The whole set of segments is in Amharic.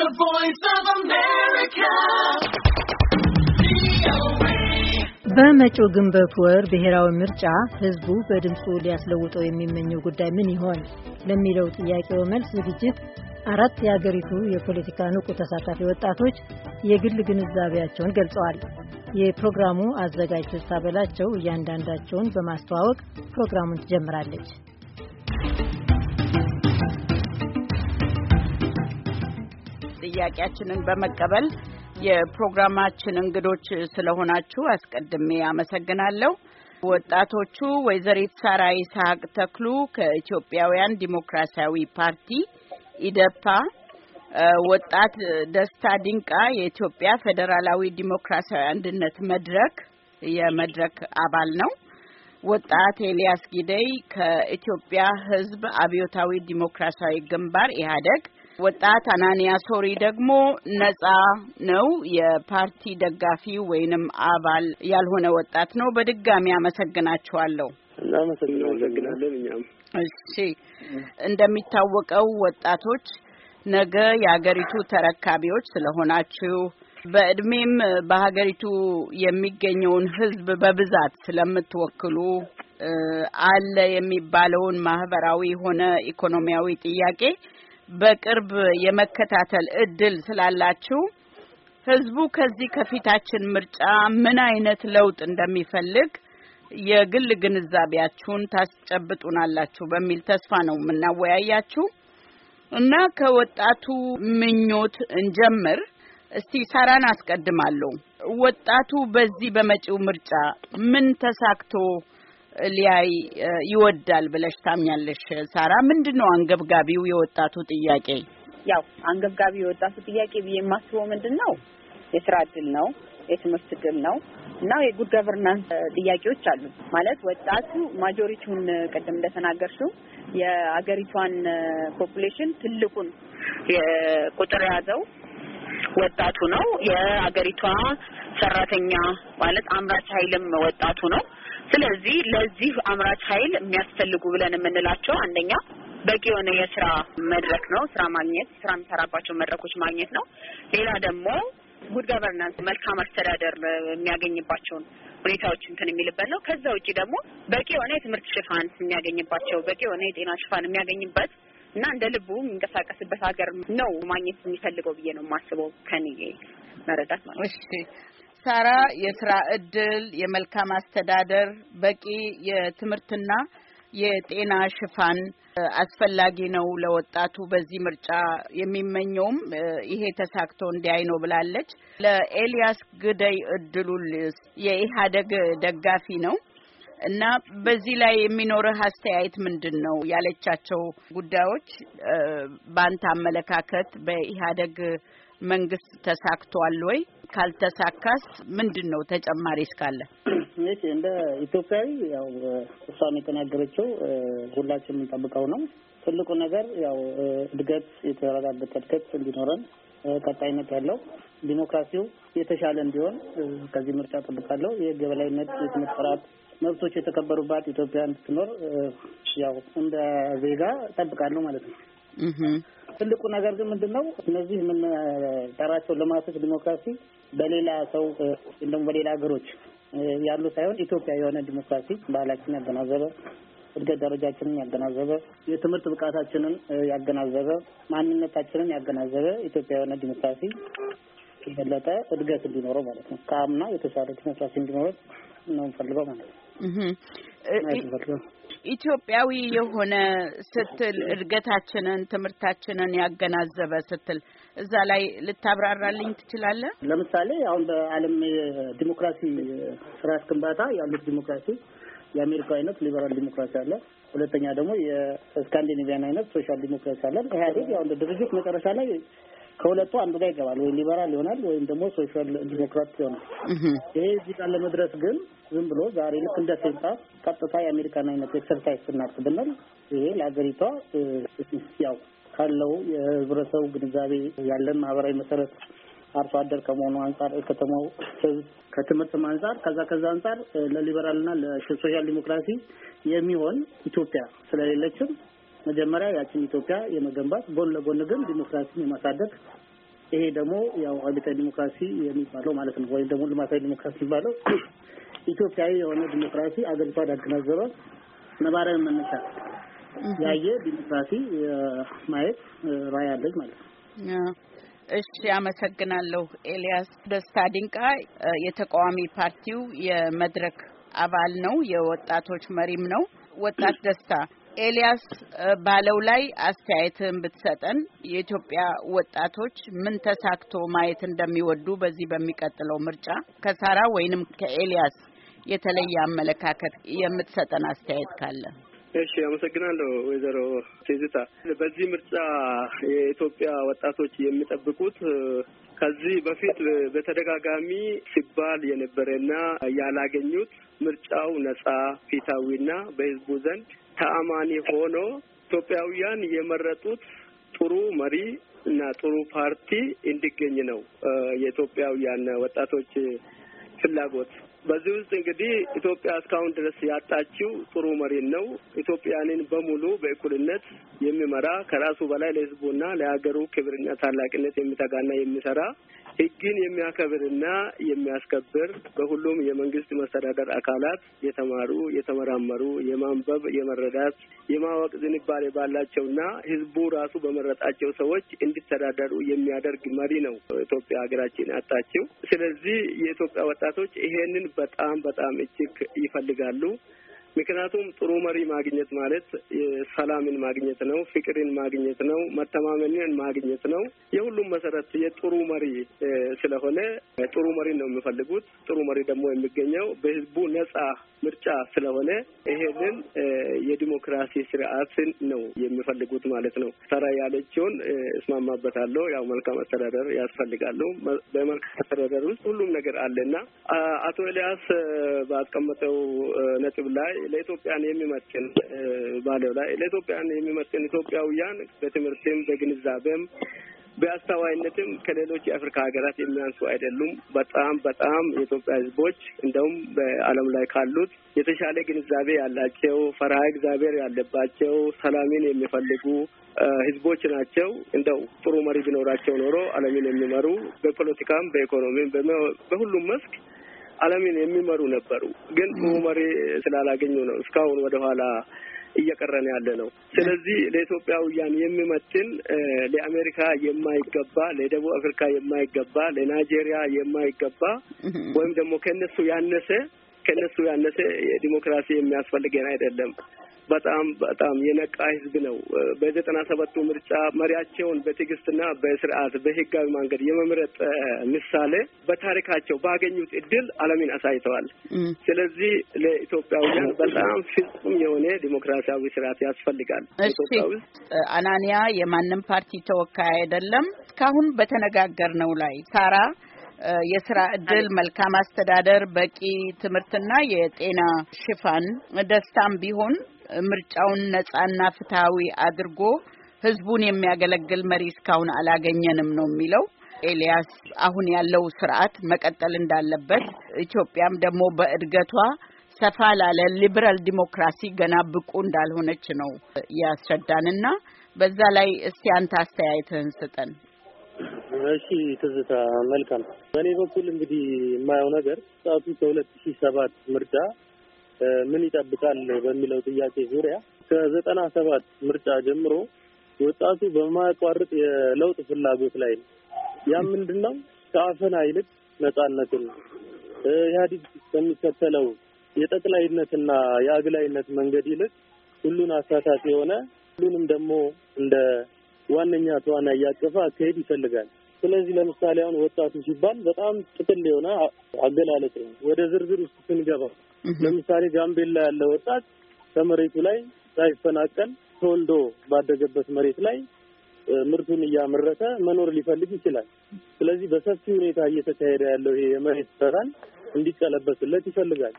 The Voice of America. በመጪው ግንቦት ወር ብሔራዊ ምርጫ ህዝቡ በድምፁ ሊያስለውጠው የሚመኘው ጉዳይ ምን ይሆን ለሚለው ጥያቄው መልስ ዝግጅት አራት የአገሪቱ የፖለቲካ ንቁ ተሳታፊ ወጣቶች የግል ግንዛቤያቸውን ገልጸዋል። የፕሮግራሙ አዘጋጅ ተስታ በላቸው እያንዳንዳቸውን በማስተዋወቅ ፕሮግራሙን ትጀምራለች። ጥያቄያችንን በመቀበል የፕሮግራማችን እንግዶች ስለሆናችሁ አስቀድሜ አመሰግናለሁ። ወጣቶቹ ወይዘሪት ሳራ ይስሐቅ ተክሉ ከኢትዮጵያውያን ዲሞክራሲያዊ ፓርቲ ኢደፓ ወጣት ደስታ ዲንቃ የኢትዮጵያ ፌዴራላዊ ዲሞክራሲያዊ አንድነት መድረክ የመድረክ አባል ነው። ወጣት ኤልያስ ጊደይ ከኢትዮጵያ ሕዝብ አብዮታዊ ዲሞክራሲያዊ ግንባር ኢህአዴግ ወጣት አናንያ ሶሪ ደግሞ ነጻ ነው፣ የፓርቲ ደጋፊ ወይንም አባል ያልሆነ ወጣት ነው። በድጋሚ አመሰግናችኋለሁ። እሺ እንደሚታወቀው ወጣቶች ነገ የሀገሪቱ ተረካቢዎች ስለሆናችሁ በእድሜም በሀገሪቱ የሚገኘውን ሕዝብ በብዛት ስለምትወክሉ አለ የሚባለውን ማህበራዊ ሆነ ኢኮኖሚያዊ ጥያቄ በቅርብ የመከታተል እድል ስላላችሁ ህዝቡ ከዚህ ከፊታችን ምርጫ ምን አይነት ለውጥ እንደሚፈልግ የግል ግንዛቤያችሁን ታስጨብጡናላችሁ በሚል ተስፋ ነው የምናወያያችሁ እና ከወጣቱ ምኞት እንጀምር። እስቲ ሳራን አስቀድማለሁ። ወጣቱ በዚህ በመጪው ምርጫ ምን ተሳክቶ ሊያይ ይወዳል ብለሽ ታምኛለሽ? ሳራ፣ ምንድን ነው አንገብጋቢው የወጣቱ ጥያቄ? ያው አንገብጋቢው የወጣቱ ጥያቄ ብዬ የማስበው ምንድን ነው የስራ እድል ነው፣ የትምህርት እድል ነው እና የጉድ ገቨርናንስ ጥያቄዎች አሉ። ማለት ወጣቱ ማጆሪቲውን ቅድም እንደተናገርሽው የአገሪቷን ፖፑሌሽን ትልቁን ቁጥር የያዘው ወጣቱ ነው። የአገሪቷ ሰራተኛ ማለት አምራች ኃይልም ወጣቱ ነው። ስለዚህ ለዚህ አምራች ኃይል የሚያስፈልጉ ብለን የምንላቸው አንደኛ በቂ የሆነ የስራ መድረክ ነው፣ ስራ ማግኘት፣ ስራ የሚሰራባቸው መድረኮች ማግኘት ነው። ሌላ ደግሞ ጉድ ጋቨርናንስ መልካም አስተዳደር የሚያገኝባቸውን ሁኔታዎች እንትን የሚልበት ነው። ከዛ ውጭ ደግሞ በቂ የሆነ የትምህርት ሽፋን የሚያገኝባቸው በቂ የሆነ የጤና ሽፋን የሚያገኝበት እና እንደ ልቡ የሚንቀሳቀስበት ሀገር ነው ማግኘት የሚፈልገው ብዬ ነው የማስበው ከኔ መረዳት ማለት እሺ ሳራ የስራ እድል፣ የመልካም አስተዳደር፣ በቂ የትምህርትና የጤና ሽፋን አስፈላጊ ነው ለወጣቱ በዚህ ምርጫ የሚመኘውም ይሄ ተሳክቶ እንዲያይ ነው ብላለች። ለኤልያስ ግደይ እድሉል የኢህአዴግ ደጋፊ ነው እና በዚህ ላይ የሚኖርህ አስተያየት ምንድን ነው? ያለቻቸው ጉዳዮች በአንተ አመለካከት በኢህአዴግ መንግስት ተሳክቷል ወይ? ካልተሳካስ ምንድን ነው ተጨማሪ እስካለ? እሺ እንደ ኢትዮጵያዊ ያው እሷን የተናገረችው ሁላችን የምንጠብቀው ነው። ትልቁ ነገር ያው እድገት፣ የተረጋገጠ እድገት እንዲኖረን ቀጣይነት ያለው ዲሞክራሲው የተሻለ እንዲሆን ከዚህ ምርጫ ጠብቃለሁ። የህግ የበላይነት፣ የትምህርት ጥራት፣ መብቶች የተከበሩባት ኢትዮጵያ እንድትኖር ያው እንደ ዜጋ ጠብቃለሁ ማለት ነው። ትልቁ ነገር ግን ምንድን ነው? እነዚህ የምንጠራቸው ልማቶች ዲሞክራሲ በሌላ ሰው እንደውም በሌላ ሀገሮች ያሉ ሳይሆን ኢትዮጵያ የሆነ ዲሞክራሲ ባህላችን ያገናዘበ እድገት ደረጃችንን ያገናዘበ የትምህርት ብቃታችንን ያገናዘበ ማንነታችንን ያገናዘበ ኢትዮጵያ የሆነ ዲሞክራሲ የበለጠ እድገት እንዲኖረው ማለት ነው። ከአምና የተሻለ ዲሞክራሲ እንዲኖረው ነው ፈልገው ማለት ነው። ኢትዮጵያዊ የሆነ ስትል እድገታችንን ትምህርታችንን ያገናዘበ ስትል እዛ ላይ ልታብራራልኝ ትችላለህ? ለምሳሌ አሁን በዓለም የዲሞክራሲ ስርዓት ግንባታ ያሉት ዲሞክራሲ የአሜሪካ አይነት ሊበራል ዲሞክራሲ አለ። ሁለተኛ ደግሞ የስካንዲኔቪያን አይነት ሶሻል ዲሞክራሲ አለ። ኢህአዴግ ያው እንደ ድርጅት መጨረሻ ላይ ከሁለቱ አንዱ ጋር ይገባል። ወይ ሊበራል ይሆናል ወይም ደግሞ ሶሻል ዲሞክራት ይሆናል። ይሄ እዚህ ጋር ለመድረስ ግን ዝም ብሎ ዛሬ ልክ እንደ ሴንጣ ቀጥታ የአሜሪካን አይነት ኤክሰርሳይዝ ስናርት ብንል ይሄ ለሀገሪቷ ያው ካለው የህብረተሰቡ ግንዛቤ ያለን ማህበራዊ መሰረት አርሶ አደር ከመሆኑ አንጻር ከተማው ህዝብ ከትምህርትም አንጻር ከዛ ከዛ አንጻር ለሊበራልና ለሶሻል ዲሞክራሲ የሚሆን ኢትዮጵያ ስለሌለችም መጀመሪያ ያችን ኢትዮጵያ የመገንባት ጎን ለጎን ግን ዲሞክራሲን የማሳደግ ይሄ ደግሞ ያው አብዮታዊ ዲሞክራሲ የሚባለው ማለት ነው፣ ወይም ደግሞ ልማታዊ ዲሞክራሲ የሚባለው ኢትዮጵያዊ የሆነ ዲሞክራሲ አገሪቷን ያገናዘበ ነባራዊ መነሻ ያየ ዲሞክራሲ ማየት ራይ አለኝ ማለት ነው። እሺ፣ አመሰግናለሁ። ኤልያስ ደስታ ድንቃ የተቃዋሚ ፓርቲው የመድረክ አባል ነው፣ የወጣቶች መሪም ነው። ወጣት ደስታ ኤልያስ ባለው ላይ አስተያየትህን ብትሰጠን የኢትዮጵያ ወጣቶች ምን ተሳክቶ ማየት እንደሚወዱ በዚህ በሚቀጥለው ምርጫ ከሳራ ወይንም ከኤልያስ የተለየ አመለካከት የምትሰጠን አስተያየት ካለ እሺ፣ አመሰግናለሁ ወይዘሮ ሴዝታ። በዚህ ምርጫ የኢትዮጵያ ወጣቶች የሚጠብቁት ከዚህ በፊት በተደጋጋሚ ሲባል የነበረና ያላገኙት ምርጫው ነጻ ፊታዊና በህዝቡ ዘንድ ተአማኒ ሆኖ ኢትዮጵያውያን የመረጡት ጥሩ መሪ እና ጥሩ ፓርቲ እንዲገኝ ነው የኢትዮጵያውያን ወጣቶች ፍላጎት። በዚህ ውስጥ እንግዲህ ኢትዮጵያ እስካሁን ድረስ ያጣችው ጥሩ መሪን ነው። ኢትዮጵያንን በሙሉ በእኩልነት የሚመራ ከራሱ በላይ ለሕዝቡና ለሀገሩ ክብርና ታላቅነት የሚተጋና የሚሰራ ህግን የሚያከብርና የሚያስከብር በሁሉም የመንግስት መስተዳደር አካላት የተማሩ፣ የተመራመሩ፣ የማንበብ፣ የመረዳት፣ የማወቅ ዝንባሌ ባላቸውና ህዝቡ ራሱ በመረጣቸው ሰዎች እንዲተዳደሩ የሚያደርግ መሪ ነው ኢትዮጵያ ሀገራችን ያጣችው። ስለዚህ የኢትዮጵያ ወጣቶች ይሄንን በጣም በጣም እጅግ ይፈልጋሉ። ምክንያቱም ጥሩ መሪ ማግኘት ማለት ሰላምን ማግኘት ነው፣ ፍቅርን ማግኘት ነው፣ መተማመንን ማግኘት ነው። የሁሉም መሰረት የጥሩ መሪ ስለሆነ ጥሩ መሪ ነው የሚፈልጉት። ጥሩ መሪ ደግሞ የሚገኘው በህዝቡ ነጻ ምርጫ ስለሆነ ይሄንን የዲሞክራሲ ስርዓትን ነው የሚፈልጉት ማለት ነው። ሰራ ያለችውን እስማማበታለሁ። ያው መልካም አስተዳደር ያስፈልጋሉ። በመልካም አስተዳደር ውስጥ ሁሉም ነገር አለና አቶ ኤልያስ ባስቀመጠው ነጥብ ላይ ለኢትዮጵያን የሚመጥን ባለው ላይ ለኢትዮጵያን የሚመጥን ኢትዮጵያውያን በትምህርትም በግንዛቤም በአስተዋይነትም ከሌሎች የአፍሪካ ሀገራት የሚያንሱ አይደሉም። በጣም በጣም የኢትዮጵያ ሕዝቦች እንደውም በዓለም ላይ ካሉት የተሻለ ግንዛቤ ያላቸው ፈርሃ እግዚአብሔር ያለባቸው ሰላምን የሚፈልጉ ሕዝቦች ናቸው። እንደው ጥሩ መሪ ቢኖራቸው ኖሮ ዓለምን የሚመሩ በፖለቲካም፣ በኢኮኖሚም በሁሉም መስክ ዓለምን የሚመሩ ነበሩ። ግን ጥሩ መሪ ስላላገኙ ነው እስካሁን ወደኋላ እየቀረን ያለ ነው። ስለዚህ ለኢትዮጵያውያን የሚመጥን ለአሜሪካ የማይገባ ለደቡብ አፍሪካ የማይገባ ለናይጄሪያ የማይገባ ወይም ደግሞ ከነሱ ያነሰ ከነሱ ያነሰ ዲሞክራሲ የሚያስፈልገን አይደለም። በጣም በጣም የነቃ ህዝብ ነው። በዘጠና ሰባቱ ምርጫ መሪያቸውን በትዕግስትና በስርዓት በህጋዊ መንገድ የመምረጥ ምሳሌ በታሪካቸው ባገኙት እድል ዓለምን አሳይተዋል። ስለዚህ ለኢትዮጵያውያን በጣም ፍጹም የሆነ ዲሞክራሲያዊ ስርዓት ያስፈልጋል። እሺ አናንያ የማንም ፓርቲ ተወካይ አይደለም። እስካሁን ነው ላይ ሳራ የስራ እድል፣ መልካም አስተዳደር፣ በቂ ትምህርትና የጤና ሽፋን ደስታም ቢሆን ምርጫውን ነጻና ፍትሐዊ አድርጎ ህዝቡን የሚያገለግል መሪ እስካሁን አላገኘንም ነው የሚለው። ኤልያስ አሁን ያለው ስርዓት መቀጠል እንዳለበት ኢትዮጵያም ደግሞ በእድገቷ ሰፋ ላለ ሊበራል ዲሞክራሲ ገና ብቁ እንዳልሆነች ነው ያስረዳንና በዛ ላይ እስቲ አንተ አስተያየትህን ስጠን። እሺ ትዝታ፣ መልካም። በእኔ በኩል እንግዲህ የማየው ነገር ሰዓቱ ከሁለት ሺህ ሰባት ምርጫ ምን ይጠብቃል በሚለው ጥያቄ ዙሪያ ከዘጠና ሰባት ምርጫ ጀምሮ ወጣቱ በማያቋርጥ የለውጥ ፍላጎት ላይ ነው። ያ ምንድን ነው? ከአፈና ይልቅ ነጻነትን ኢህአዲግ ከሚከተለው የጠቅላይነትና የአግላይነት መንገድ ይልቅ ሁሉን አሳታፊ የሆነ ሁሉንም ደግሞ እንደ ዋነኛ ተዋና እያቀፈ አካሄድ ይፈልጋል። ስለዚህ ለምሳሌ አሁን ወጣቱ ሲባል በጣም ጥቅል የሆነ አገላለጽ ነው። ወደ ዝርዝር ውስጥ ስንገባ ለምሳሌ ጋምቤላ ያለ ወጣት ከመሬቱ ላይ ሳይፈናቀል ተወልዶ ባደገበት መሬት ላይ ምርቱን እያመረተ መኖር ሊፈልግ ይችላል። ስለዚህ በሰፊ ሁኔታ እየተካሄደ ያለው ይሄ የመሬት ሰራን እንዲቀለበስለት ይፈልጋል።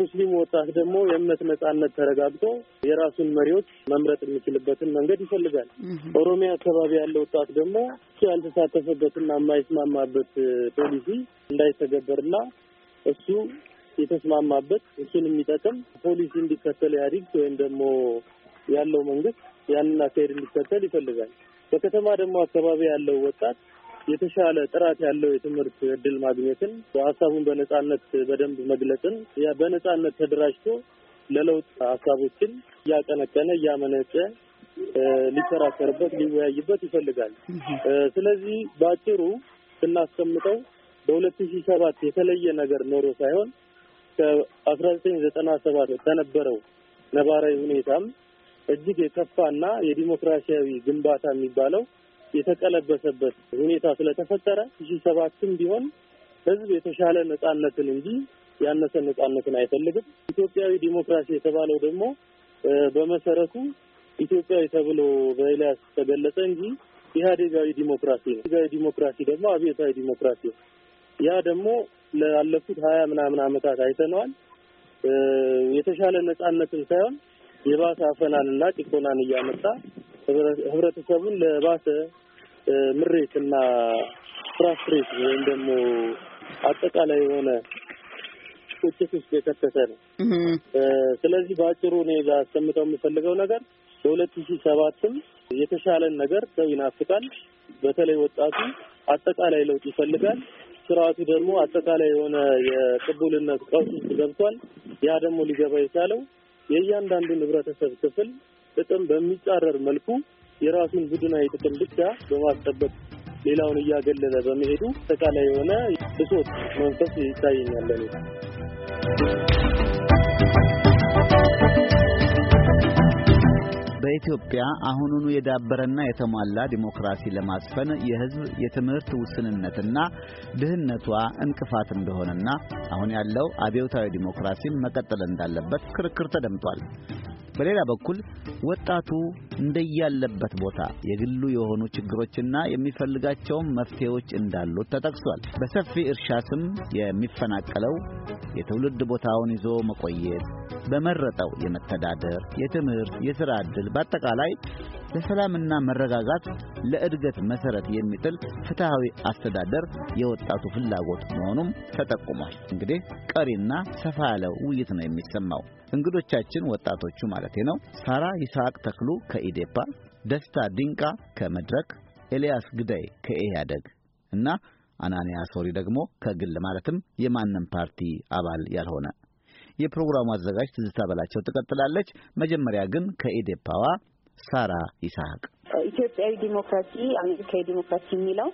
ሙስሊም ወጣት ደግሞ የእምነት ነጻነት ተረጋግጦ የራሱን መሪዎች መምረጥ የሚችልበትን መንገድ ይፈልጋል። ኦሮሚያ አካባቢ ያለ ወጣት ደግሞ እሱ ያልተሳተፈበትና የማይስማማበት ፖሊሲ እንዳይተገበርና እሱ የተስማማበት እሱን የሚጠቅም ፖሊሲ እንዲከተል ኢህአዴግ ወይም ደግሞ ያለው መንግስት ያንን አካሄድ እንዲከተል ይፈልጋል። በከተማ ደግሞ አካባቢ ያለው ወጣት የተሻለ ጥራት ያለው የትምህርት እድል ማግኘትን፣ ሀሳቡን በነጻነት በደንብ መግለጽን፣ በነጻነት ተደራጅቶ ለለውጥ ሀሳቦችን እያቀነቀነ እያመነጨ ሊከራከርበት ሊወያይበት ይፈልጋል። ስለዚህ በአጭሩ ስናስቀምጠው በሁለት ሺህ ሰባት የተለየ ነገር ኖሮ ሳይሆን ከአስራ ዘጠኝ ዘጠና ሰባት ከነበረው ነባራዊ ሁኔታም እጅግ የከፋና የዲሞክራሲያዊ ግንባታ የሚባለው የተቀለበሰበት ሁኔታ ስለተፈጠረ ሺ ሰባትም ቢሆን ህዝብ የተሻለ ነጻነትን እንጂ ያነሰ ነጻነትን አይፈልግም። ኢትዮጵያዊ ዲሞክራሲ የተባለው ደግሞ በመሰረቱ ኢትዮጵያዊ ተብሎ በኤልያስ ተገለጸ እንጂ ኢህአዴጋዊ ዲሞክራሲ ነው። ኢህአዴጋዊ ዲሞክራሲ ደግሞ አብዮታዊ ዲሞክራሲ ነው። ያ ደግሞ ላለፉት ሀያ ምናምን አመታት አይተነዋል። የተሻለ ነጻነትን ሳይሆን የባሰ አፈናንና ጭቆናን እያመጣ ህብረተሰቡን ለባሰ ምሬትና ፍራስትሬት ወይም ደግሞ አጠቃላይ የሆነ ቁጭት ውስጥ የከተተ ነው። ስለዚህ በአጭሩ እኔ አስቀምጠው የምፈልገው ነገር በሁለት ሺ ሰባትም የተሻለን ነገር ሰው ይናፍቃል። በተለይ ወጣቱ አጠቃላይ ለውጥ ይፈልጋል። ስርዓቱ ደግሞ አጠቃላይ የሆነ የቅቡልነት ቀውስ ውስጥ ገብቷል። ያ ደግሞ ሊገባ የቻለው የእያንዳንዱ ህብረተሰብ ክፍል ጥቅም በሚጻረር መልኩ የራሱን ቡድናዊ ጥቅም ብቻ በማስጠበቅ ሌላውን እያገለለ በመሄዱ አጠቃላይ የሆነ ብሶት መንፈስ ይታየኛል። በኢትዮጵያ አሁኑኑ የዳበረና የተሟላ ዲሞክራሲ ለማስፈን የሕዝብ የትምህርት ውስንነትና ድህነቷ እንቅፋት እንደሆነና አሁን ያለው አብዮታዊ ዲሞክራሲን መቀጠል እንዳለበት ክርክር ተደምጧል። በሌላ በኩል ወጣቱ እንደያለበት ቦታ የግሉ የሆኑ ችግሮችና የሚፈልጋቸውም መፍትሄዎች እንዳሉት ተጠቅሷል። በሰፊ እርሻ ስም የሚፈናቀለው የትውልድ ቦታውን ይዞ መቆየት በመረጠው የመተዳደር፣ የትምህርት፣ የሥራ ዕድል በአጠቃላይ ለሰላምና መረጋጋት ለእድገት መሠረት የሚጥል ፍትሐዊ አስተዳደር የወጣቱ ፍላጎት መሆኑም ተጠቁሟል። እንግዲህ ቀሪና ሰፋ ያለው ውይይት ነው የሚሰማው። እንግዶቻችን ወጣቶቹ ማለቴ ነው። ሳራ ይስሐቅ ተክሉ ከኢዴፓ፣ ደስታ ዲንቃ ከመድረክ፣ ኤልያስ ግዳይ ከኢህአደግ እና አናንያ ሶሪ ደግሞ ከግል ማለትም የማንም ፓርቲ አባል ያልሆነ የፕሮግራሙ አዘጋጅ ትዝታ በላቸው ትቀጥላለች። መጀመሪያ ግን ከኢዴፓዋ ሳራ ይስሐቅ ኢትዮጵያዊ ዲሞክራሲ፣ አሜሪካዊ ዲሞክራሲ የሚለው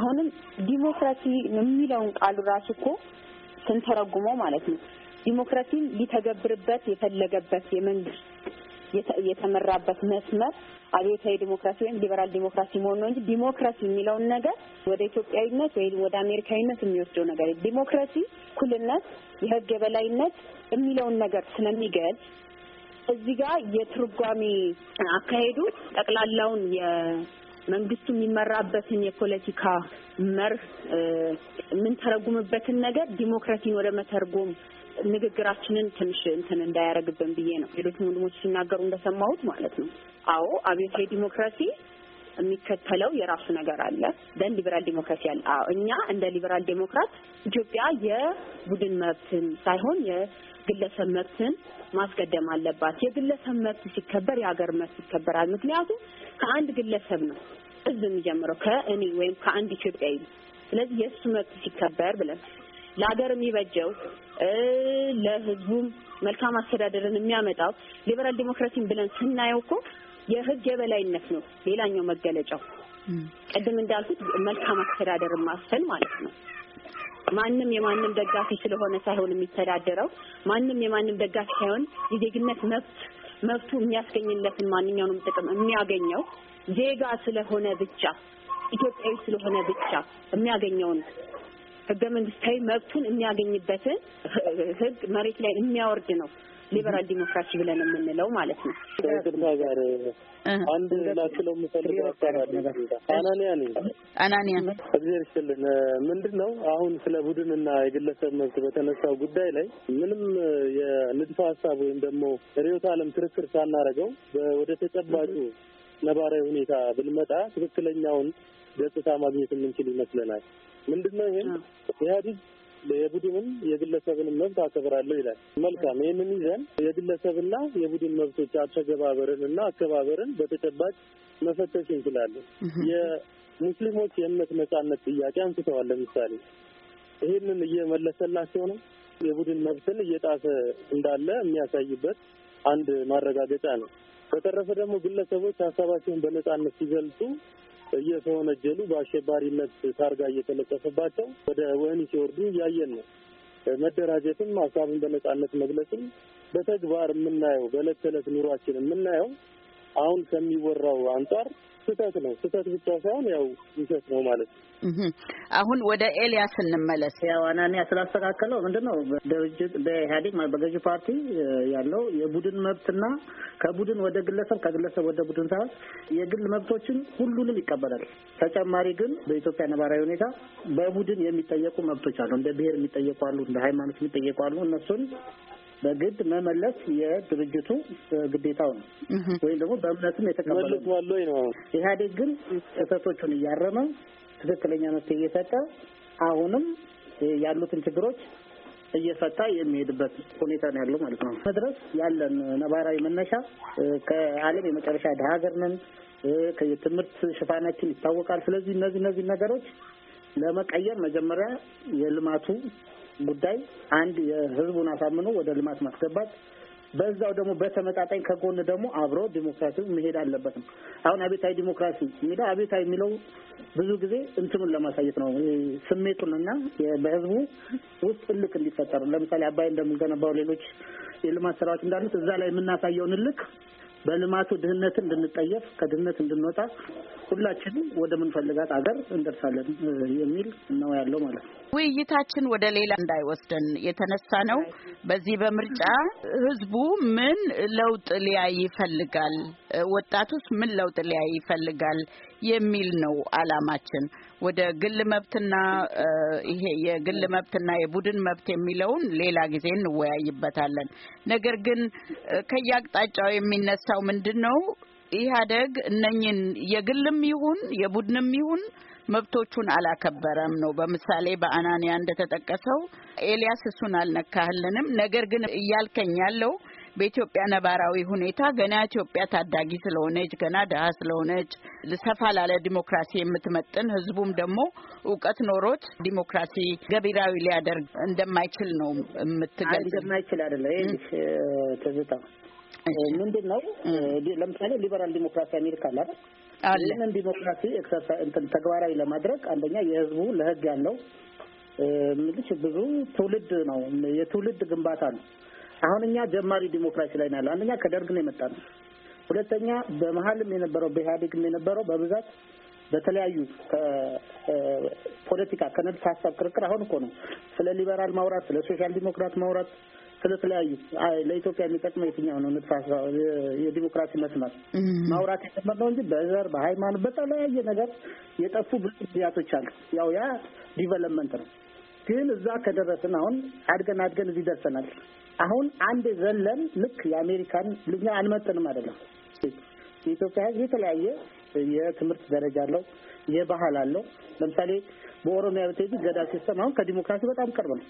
አሁንም ዲሞክራሲ የሚለውን ቃሉ ራሱ እኮ ስንተረጉመው ማለት ነው ዲሞክራሲን ሊተገብርበት የፈለገበት የመንግስት የተመራበት መስመር አብዮታዊ ዲሞክራሲ ወይም ሊበራል ዲሞክራሲ መሆን ነው እንጂ ዲሞክራሲ የሚለውን ነገር ወደ ኢትዮጵያዊነት ወይ ወደ አሜሪካዊነት የሚወስደው ነገር ዲሞክራሲ፣ እኩልነት፣ የህግ የበላይነት የሚለውን ነገር ስለሚገልጽ እዚህ ጋር የትርጓሜ አካሄዱ ጠቅላላውን የመንግስቱ የሚመራበትን የፖለቲካ መርህ የምንተረጉምበትን ነገር ዲሞክራሲን ወደ መተርጎም ንግግራችንን ትንሽ እንትን እንዳያደርግብን ብዬ ነው። ሌሎች ወንድሞች ሲናገሩ እንደሰማሁት ማለት ነው። አዎ አብዮታዊ ዲሞክራሲ የሚከተለው የራሱ ነገር አለ። ደን ሊበራል ዲሞክራሲ አለ። አዎ እኛ እንደ ሊበራል ዴሞክራት ኢትዮጵያ የቡድን መብትን ሳይሆን የግለሰብ መብትን ማስቀደም አለባት። የግለሰብ መብት ሲከበር የሀገር መብት ይከበራል። ምክንያቱም ከአንድ ግለሰብ ነው እዝ የሚጀምረው ከእኔ ወይም ከአንድ ኢትዮጵያዊ። ስለዚህ የእሱ መብት ሲከበር ብለን ለሀገር የሚበጀው ለህዝቡም መልካም አስተዳደርን የሚያመጣው ሊበራል ዲሞክራሲን ብለን ስናየው እኮ የህግ የበላይነት ነው ሌላኛው መገለጫው። ቅድም እንዳልኩት መልካም አስተዳደር ማስፈን ማለት ነው። ማንም የማንም ደጋፊ ስለሆነ ሳይሆን የሚተዳደረው ማንም የማንም ደጋፊ ሳይሆን የዜግነት መብት መብቱ የሚያስገኝለትን ማንኛውንም ጥቅም የሚያገኘው ዜጋ ስለሆነ ብቻ ኢትዮጵያዊ ስለሆነ ብቻ የሚያገኘውን ህገ መንግስታዊ መብቱን የሚያገኝበትን ህግ መሬት ላይ የሚያወርድ ነው ሊበራል ዲሞክራሲ ብለን የምንለው ማለት ነው። ግርማ ጋር አንድ ላክለው የምፈልገው አናኒያ ነኝ። አናኒያ እግዜር ይስጥልን። ምንድን ነው አሁን ስለ ቡድንና የግለሰብ መብት በተነሳው ጉዳይ ላይ ምንም የንድፈ ሀሳብ ወይም ደግሞ ርዕዮተ ዓለም ክርክር ሳናደርገው ወደ ተጨባጩ ነባራዊ ሁኔታ ብንመጣ ትክክለኛውን ገጽታ ማግኘት የምንችል ይመስለናል። ምንድነው? ይህም ኢህአዲግ የቡድንም የግለሰብንም መብት አከብራለሁ ይላል። መልካም ይህንን ይዘን የግለሰብና የቡድን መብቶች አተገባበርን እና አከባበርን በተጨባጭ መፈተሽ እንችላለን። የሙስሊሞች የእምነት ነጻነት ጥያቄ አንስተዋል። ለምሳሌ ይህንን እየመለሰላቸው ነው። የቡድን መብትን እየጣሰ እንዳለ የሚያሳይበት አንድ ማረጋገጫ ነው። በተረፈ ደግሞ ግለሰቦች ሀሳባቸውን በነጻነት ሲገልጹ እየተወነጀሉ በአሸባሪነት ታርጋ እየተለጠፈባቸው ወደ ወህኒ ሲወርዱ እያየን ነው። መደራጀትም ሀሳብን በነጻነት መግለጽም በተግባር የምናየው በዕለት ተዕለት ኑሯችን የምናየው አሁን ከሚወራው አንጻር ስህተት ነው። ስህተት ብቻ ሳይሆን ያው ውሸት ነው ማለት ነው። አሁን ወደ ኤልያስ እንመለስ። ያው አናኒያ ስላስተካከለው ምንድን ነው ድርጅት በኢህአዴግ በገዢ ፓርቲ ያለው የቡድን መብትና ከቡድን ወደ ግለሰብ ከግለሰብ ወደ ቡድን ሳይሆን የግል መብቶችን ሁሉንም ይቀበላል። ተጨማሪ ግን በኢትዮጵያ ነባራዊ ሁኔታ በቡድን የሚጠየቁ መብቶች አሉ። እንደ ብሔር የሚጠየቁ አሉ፣ እንደ ሃይማኖት የሚጠየቁ አሉ። እነሱን በግድ መመለስ የድርጅቱ ግዴታው ነው፣ ወይም ደግሞ በእምነትም የተቀበለ ነው። ኢህአዴግ ግን ጥሰቶቹን እያረመ ትክክለኛ መፍትሄ እየሰጠ አሁንም ያሉትን ችግሮች እየፈታ የሚሄድበት ሁኔታ ነው ያለው ማለት ነው። መድረስ ያለን ነባራዊ መነሻ ከዓለም የመጨረሻ ድሀ ሀገር ነን። ከየትምህርት ሽፋናችን ይታወቃል። ስለዚህ እነዚህ እነዚህ ነገሮች ለመቀየር መጀመሪያ የልማቱ ጉዳይ አንድ የህዝቡን አሳምኖ ወደ ልማት ማስገባት በዛው ደግሞ በተመጣጣኝ ከጎን ደግሞ አብሮ ዲሞክራሲው መሄድ አለበት አሁን አቤታዊ ዲሞክራሲ እንግዲህ አቤታዊ የሚለው ብዙ ጊዜ እንትኑን ለማሳየት ነው ስሜቱን በህዝቡ ውስጥ እልክ እንዲፈጠር ለምሳሌ አባይ እንደምንገነባው ሌሎች የልማት ስራዎች እንዳሉት እዛ ላይ የምናሳየውን እልክ በልማቱ ድህነትን እንድንጠየፍ ከድህነት እንድንወጣ ሁላችንም ወደ ምንፈልጋት አገር እንደርሳለን የሚል ነው ያለው ማለት ነው። ውይይታችን ወደ ሌላ እንዳይወስደን የተነሳ ነው። በዚህ በምርጫ ህዝቡ ምን ለውጥ ሊያይ ይፈልጋል፣ ወጣቱስ ምን ለውጥ ሊያይ ይፈልጋል የሚል ነው አላማችን። ወደ ግል መብትና ይሄ የግል መብትና የቡድን መብት የሚለውን ሌላ ጊዜ እንወያይበታለን። ነገር ግን ከየአቅጣጫው የሚነሳው ምንድን ነው? ኢህአደግ እነኝን የግልም ይሁን የቡድንም ይሁን መብቶቹን አላከበረም ነው። በምሳሌ በአናንያ እንደተጠቀሰው ኤልያስ እሱን አልነካህልንም። ነገር ግን እያልከኝ ያለው በኢትዮጵያ ነባራዊ ሁኔታ ገና ኢትዮጵያ ታዳጊ ስለሆነች ገና ድሀ ስለሆነች ሰፋ ላለ ዲሞክራሲ የምትመጥን ህዝቡም ደግሞ እውቀት ኖሮት ዲሞክራሲ ገቢራዊ ሊያደርግ እንደማይችል ነው የምትገልጽ። እንደማይችል አይደለም ይህ ትዝታ ምንድን ነው? ለምሳሌ ሊበራል ዲሞክራሲ አሜሪካ አለ አይደል? ይህንን ዲሞክራሲ እንትን ተግባራዊ ለማድረግ አንደኛ የህዝቡ ለህግ ያለው ምልሽ ብዙ ትውልድ ነው የትውልድ ግንባታ ነው። አሁን እኛ ጀማሪ ዲሞክራሲ ላይ ያለ አንደኛ ከደርግ ነው የመጣ ነው። ሁለተኛ በመሀልም የነበረው በኢህአዴግም የነበረው በብዛት በተለያዩ ፖለቲካ ከነድፈ ሀሳብ ክርክር አሁን እኮ ነው ስለ ሊበራል ማውራት፣ ስለ ሶሻል ዲሞክራት ማውራት፣ ስለተለያዩ ለኢትዮጵያ የሚጠቅመው የትኛው ነው ንድፈ ሀሳብ የዲሞክራሲ መስመር ማውራት የጀመርነው እንጂ በዘር በሃይማኖት፣ በተለያየ ነገር የጠፉ ብዙ ጊዜያቶች አሉ። ያው ያ ዲቨሎፕመንት ነው። ግን እዛ ከደረስን አሁን አድገን አድገን እዚህ ደርሰናል። አሁን አንድ ዘለን ልክ የአሜሪካን ልኛ አንመጥንም አይደለም። የኢትዮጵያ ሕዝብ የተለያየ የትምህርት ደረጃ አለው፣ የባህል አለው። ለምሳሌ በኦሮሚያ ብትሄዱ ገዳ ሲስተም አሁን ከዲሞክራሲ በጣም ቅርብ ነው።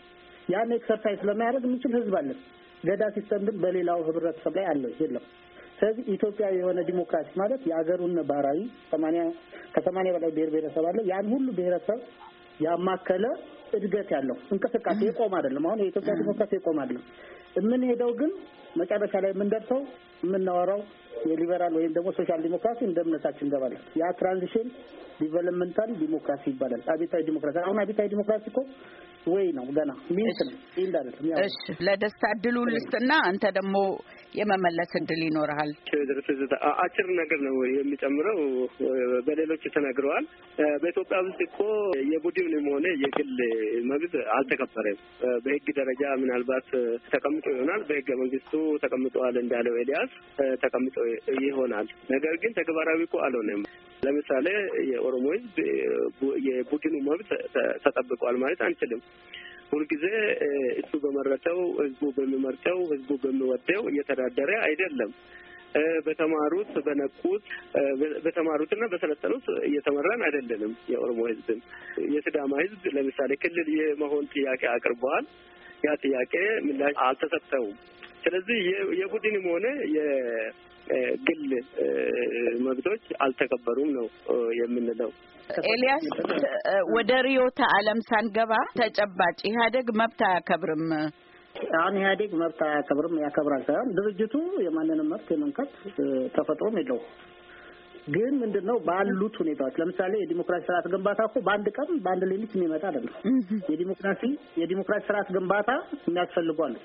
ያን ኤክሰርሳይዝ ስለማያደርግ የምንችል ሕዝብ አለን። ገዳ ሲስተም ግን በሌላው ህብረተሰብ ላይ አለ የለም። ስለዚህ ኢትዮጵያ የሆነ ዲሞክራሲ ማለት የአገሩን ባህራዊ ከሰማንያ በላይ ብሔር ብሔረሰብ አለ ያን ሁሉ ብሔረሰብ ያማከለ እድገት ያለው እንቅስቃሴ የቆመ አይደለም። አሁን የኢትዮጵያ ዲሞክራሲ የቆመ አይደለም። የምንሄደው ግን መጨረሻ ላይ የምንደርሰው የምናወራው የሊበራል ወይም ደግሞ ሶሻል ዲሞክራሲ እንደ እምነታችን እንገባለን። ያ ትራንዚሽን ዲቨሎፕመንታል ዲሞክራሲ ይባላል። አቤታዊ ዲሞክራሲ አሁን አቤታዊ ዲሞክራሲ እኮ ወይ ነው ገና ሚንት ነው ኢንድ እሺ፣ ለደስታ እድሉ ልስጥና አንተ ደግሞ የመመለስ እድል ይኖርሃል። አጭር ነገር ነው የሚጨምረው። በሌሎች ተነግረዋል። በኢትዮጵያ ውስጥ እኮ የቡድንም ሆነ የግል መብት አልተከበረም። በህግ ደረጃ ምናልባት ተቀምጦ ይሆናል። በህገ መንግስቱ ተቀምጠዋል እንዳለው ኤልያስ ተቀምጦ ይሆናል። ነገር ግን ተግባራዊ እኮ አልሆነም። ለምሳሌ የኦሮሞ ህዝብ የቡድኑ መብት ተጠብቋል ማለት አንችልም። ሁልጊዜ እሱ በመረጠው ህዝቡ በሚመርጠው ህዝቡ በሚወደው እየተዳደረ አይደለም። በተማሩት በነቁት በተማሩትና በሰለጠኑት እየተመራን አይደለንም። የኦሮሞ ህዝብን የስዳማ ህዝብ ለምሳሌ ክልል የመሆን ጥያቄ አቅርበዋል። ያ ጥያቄ ምላሽ አልተሰጠውም። ስለዚህ የቡድንም ሆነ ግል መብቶች አልተከበሩም ነው የምንለው። ኤልያስ ወደ ሪዮተ ዓለም ሳንገባ ተጨባጭ ኢህአዴግ መብት አያከብርም አሁን ኢህአዴግ መብት አያከብርም ያከብራል ሳይሆን ድርጅቱ የማንንም መብት የመንከት ተፈጥሮም የለው። ግን ምንድን ነው ባሉት ሁኔታዎች ለምሳሌ የዲሞክራሲ ስርዓት ግንባታ እኮ በአንድ ቀን በአንድ ሌሊት የሚመጣ አይደለም። የዲሞክራሲ የዲሞክራሲ ስርዓት ግንባታ የሚያስፈልጓል።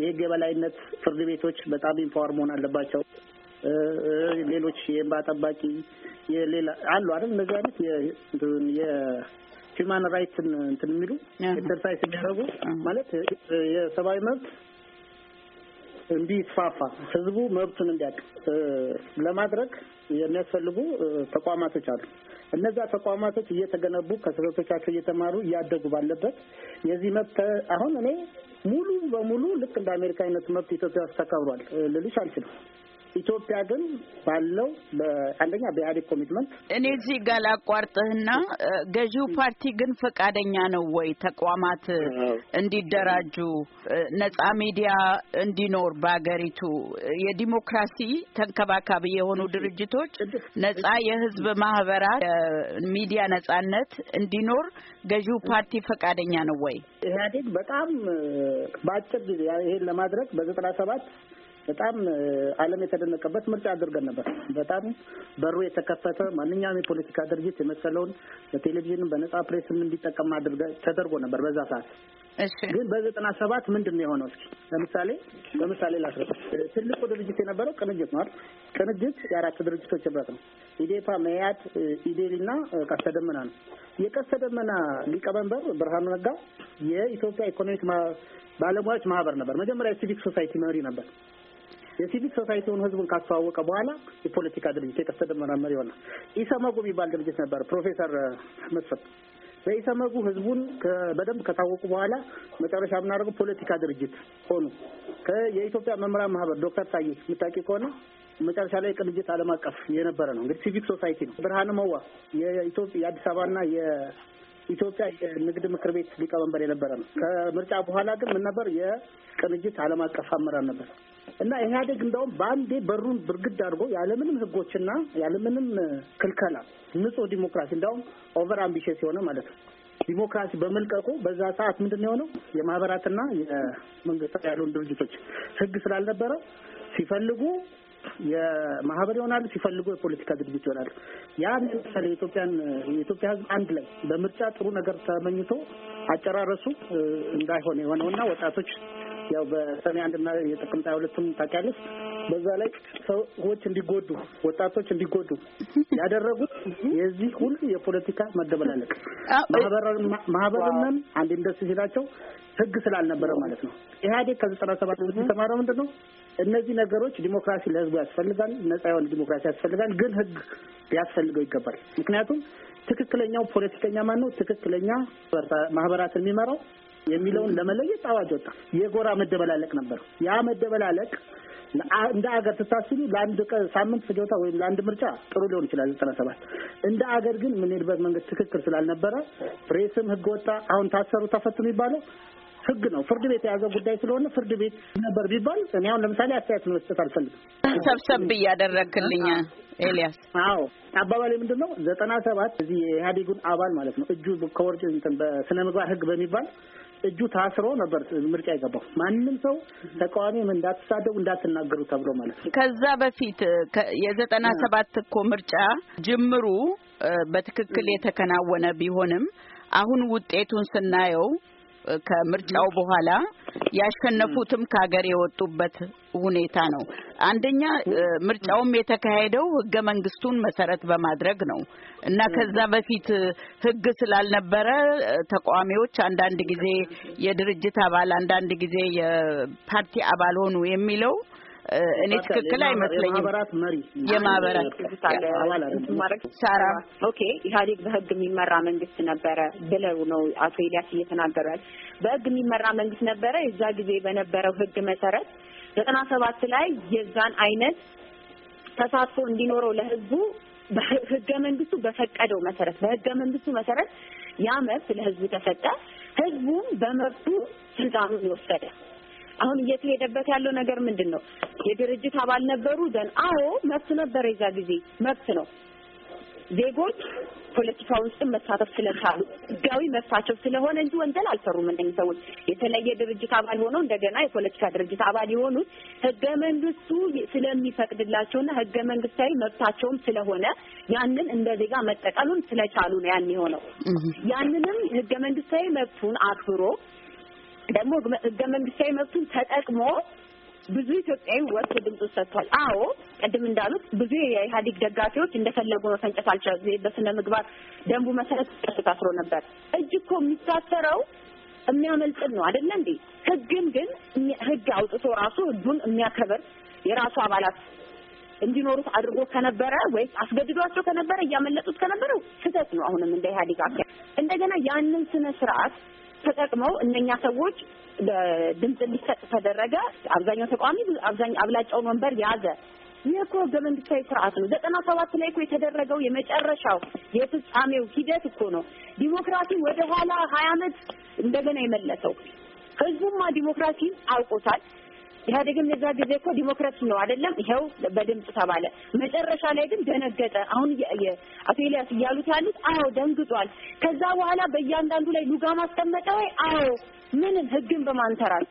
የህግ የበላይነት፣ ፍርድ ቤቶች በጣም ኢምፓወር መሆን አለባቸው። ሌሎች የእንባ ጠባቂ የሌላ አሉ አይደል? እነዚህ አይነት የሂውማን ራይትን እንትን የሚሉ ኤክሰርሳይዝ የሚያደርጉ ማለት የሰብአዊ መብት እንዲስፋፋ ህዝቡ መብቱን እንዲያውቅ ለማድረግ የሚያስፈልጉ ተቋማቶች አሉ። እነዛ ተቋማቶች እየተገነቡ ከስህተቶቻቸው እየተማሩ እያደጉ ባለበት የዚህ መብት አሁን እኔ ሙሉ በሙሉ ልክ እንደ አሜሪካ አይነት መብት ኢትዮጵያ ውስጥ ተከብሯል ልልሽ አልችልም። ኢትዮጵያ ግን ባለው አንደኛ በኢህአዴግ ኮሚትመንት እኔ እዚህ ጋር ላቋርጥህና ገዢው ፓርቲ ግን ፈቃደኛ ነው ወይ ተቋማት እንዲደራጁ ነጻ ሚዲያ እንዲኖር በሀገሪቱ የዲሞክራሲ ተንከባካቢ የሆኑ ድርጅቶች ነጻ የህዝብ ማህበራት ሚዲያ ነጻነት እንዲኖር ገዢው ፓርቲ ፈቃደኛ ነው ወይ? ኢህአዴግ በጣም በአጭር ጊዜ ይሄን ለማድረግ በዘጠና ሰባት በጣም ዓለም የተደነቀበት ምርጫ አድርገን ነበር። በጣም በሩ የተከፈተ ማንኛውም የፖለቲካ ድርጅት የመሰለውን በቴሌቪዥን በነጻ ፕሬስም እንዲጠቀም አድርገ ተደርጎ ነበር በዛ ሰዓት። ግን በዘጠና ሰባት ምንድን ነው የሆነው? እስኪ ለምሳሌ ለምሳሌ ላስረዳ። ትልቁ ድርጅት የነበረው ቅንጅት ነው። ቅንጅት የአራት ድርጅቶች ህብረት ነው። ኢዴፓ፣ መያድ፣ ኢዴሊና ቀስተደመና ነው። የቀስተደመና ሊቀመንበር ብርሃኑ ነጋ የኢትዮጵያ ኢኮኖሚክ ባለሙያዎች ማህበር ነበር። መጀመሪያ የሲቪክ ሶሳይቲ መሪ ነበር። የሲቪክ ሶሳይቲውን ህዝቡን ካስተዋወቀ በኋላ የፖለቲካ ድርጅት የቀሰደ መራመር ይሆናል። ኢሰመጉ የሚባል ድርጅት ነበር ፕሮፌሰር መስፍን በኢሰመጉ ህዝቡን በደንብ ከታወቁ በኋላ መጨረሻ የምናደርገው ፖለቲካ ድርጅት ሆኑ። የኢትዮጵያ መምህራን ማህበር ዶክተር ታዬ የምታውቂ ከሆነ መጨረሻ ላይ ቅንጅት ዓለም አቀፍ የነበረ ነው። እንግዲህ ሲቪክ ሶሳይቲ ነው። ብርሃነ መዋ የኢትዮጵያ የአዲስ አበባና የኢትዮጵያ ንግድ ምክር ቤት ሊቀመንበር የነበረ ነው። ከምርጫ በኋላ ግን ምን ነበር? የቅንጅት ዓለም አቀፍ አመራር ነበር። እና ኢህአዴግ እንደውም በአንዴ በሩን ብርግድ አድርጎ ያለምንም ህጎችና ያለምንም ክልከላ ንጹህ ዲሞክራሲ እንደውም ኦቨር አምቢሽስ የሆነ ማለት ነው ዲሞክራሲ በመልቀቁ በዛ ሰዓት ምንድን ነው የሆነው? የማህበራትና የመንግስት ያሉን ድርጅቶች ህግ ስላልነበረ ሲፈልጉ የማህበር ይሆናሉ፣ ሲፈልጉ የፖለቲካ ድርጅት ይሆናሉ። ያን ለምሳሌ የኢትዮጵያን የኢትዮጵያ ህዝብ አንድ ላይ በምርጫ ጥሩ ነገር ተመኝቶ አጨራረሱ እንዳይሆን የሆነውና ወጣቶች ያው በሰኔ አንድና የጥቅምት ሃያ ሁለቱም ታውቂያለሽ። በዛ ላይ ሰዎች እንዲጎዱ ወጣቶች እንዲጎዱ ያደረጉት የዚህ ሁሉ የፖለቲካ መደበላለቅ ማህበርንም አንድ ኢንደስትሪ ሲላቸው ህግ ስላልነበረ ማለት ነው። ኢህአዴግ ከዘጠና ሰባት በፊት የተማረው ምንድን ነው? እነዚህ ነገሮች ዲሞክራሲ ለህዝቡ ያስፈልጋል፣ ነጻ የሆነ ዲሞክራሲ ያስፈልጋል፣ ግን ህግ ሊያስፈልገው ይገባል። ምክንያቱም ትክክለኛው ፖለቲከኛ ማን ነው? ትክክለኛ ማህበራትን የሚመራው የሚለውን ለመለየት አዋጅ ወጣ። የጎራ መደበላለቅ ነበር። ያ መደበላለቅ እንደ አገር ስታስቢ ለአንድ ሳምንት ፍጆታ ወይም ለአንድ ምርጫ ጥሩ ሊሆን ይችላል ዘጠና ሰባት እንደ አገር ግን የምንሄድበት መንገድ ትክክል ስላልነበረ ፕሬስም ህግ ወጣ። አሁን ታሰሩ ተፈቱ የሚባለው ህግ ነው። ፍርድ ቤት የያዘው ጉዳይ ስለሆነ ፍርድ ቤት ነበር ቢባል እኔ አሁን ለምሳሌ አስተያየት መስጠት አልፈልግም። ሰብሰብ እያደረግክልኝ ኤልያስ። አዎ አባባል ምንድን ነው? ዘጠና ሰባት እዚህ የኢህአዴጉን አባል ማለት ነው እጁ ከወርጭ በስነ ምግባር ህግ በሚባል እጁ ታስሮ ነበር ምርጫ የገባው። ማንም ሰው ተቃዋሚ እንዳትሳደቡ እንዳትናገሩ ተብሎ ማለት ነው። ከዛ በፊት የዘጠና ሰባት እኮ ምርጫ ጅምሩ በትክክል የተከናወነ ቢሆንም አሁን ውጤቱን ስናየው ከምርጫው በኋላ ያሸነፉትም ከሀገር የወጡበት ሁኔታ ነው። አንደኛ ምርጫውም የተካሄደው ህገ መንግስቱን መሰረት በማድረግ ነው እና ከዛ በፊት ህግ ስላልነበረ ተቃዋሚዎች አንዳንድ ጊዜ የድርጅት አባል አንዳንድ ጊዜ የፓርቲ አባል ሆኑ የሚለው እኔ ትክክል አይመስለኝም። የማህበራት መሪ የማህበራት ሳራ ኦኬ ኢህአዴግ በህግ የሚመራ መንግስት ነበረ ብለው ነው አቶ ኤልያስ እየተናገሩ ያለ። በህግ የሚመራ መንግስት ነበረ። የዛ ጊዜ በነበረው ህግ መሰረት ዘጠና ሰባት ላይ የዛን አይነት ተሳትፎ እንዲኖረው ለህዝቡ በህገ መንግስቱ በፈቀደው መሰረት በህገ መንግስቱ መሰረት ያ መብት ለህዝቡ ተሰጠ። ህዝቡም በመብቱ ስልጣኑን ይወሰደ አሁን እየተሄደበት ያለው ነገር ምንድን ነው? የድርጅት አባል ነበሩ ደን አዎ መብት ነበር የዛ ጊዜ መብት ነው። ዜጎች ፖለቲካ ውስጥም መሳተፍ ስለቻሉ ህጋዊ መብታቸው ስለሆነ እንጂ ወንጀል አልሰሩም። እንደኝ ሰዎች የተለየ ድርጅት አባል ሆነው እንደገና የፖለቲካ ድርጅት አባል የሆኑት ህገ መንግስቱ ስለሚፈቅድላቸውና ህገ መንግስታዊ መብታቸውም ስለሆነ ያንን እንደ ዜጋ መጠቀሉን ስለቻሉ ነው ያን የሆነው። ያንንም ህገ መንግስታዊ መብቱን አክብሮ ደግሞ ህገ መንግስታዊ መብቱን ተጠቅሞ ብዙ ኢትዮጵያዊ ወጥቶ ድምፁን ሰጥቷል። አዎ ቅድም እንዳሉት ብዙ የኢህአዴግ ደጋፊዎች እንደፈለጉ መፈንጨት አልቻሉ። በስነ ምግባር ደንቡ መሰረት ታስሮ ነበር። እጅ እኮ የሚታሰረው የሚያመልጥን ነው አይደለ እንዴ? ህግን ግን ህግ አውጥቶ ራሱ ህጉን የሚያከብር የራሱ አባላት እንዲኖሩት አድርጎ ከነበረ ወይም አስገድዷቸው ከነበረ እያመለጡት ከነበረ ስህተት ነው። አሁንም እንደ ኢህአዴግ እንደገና ያንን ስነ ስርዓት ተጠቅመው እነኛ ሰዎች ድምፅ እንዲሰጥ ተደረገ። አብዛኛው ተቃዋሚ አብላጫውን ወንበር ያዘ። ይህ እኮ ህገ መንግስታዊ ስርዓት ነው። ዘጠና ሰባት ላይ እኮ የተደረገው የመጨረሻው የፍጻሜው ሂደት እኮ ነው ዲሞክራሲ ወደ ኋላ ሀያ አመት እንደገና የመለሰው። ህዝቡማ ዲሞክራሲ አውቆታል። ኢህአዴግም የዛ ጊዜ እኮ ዲሞክራሲ ነው አይደለም ይኸው በድምጽ ተባለ። መጨረሻ ላይ ግን ደነገጠ። አሁን አቶ ኤልያስ እያሉት ያሉት አዎ ደንግጧል። ከዛ በኋላ በእያንዳንዱ ላይ ሉጋ ማስቀመጠ ወይ አዎ ምንም ህግን በማንተራት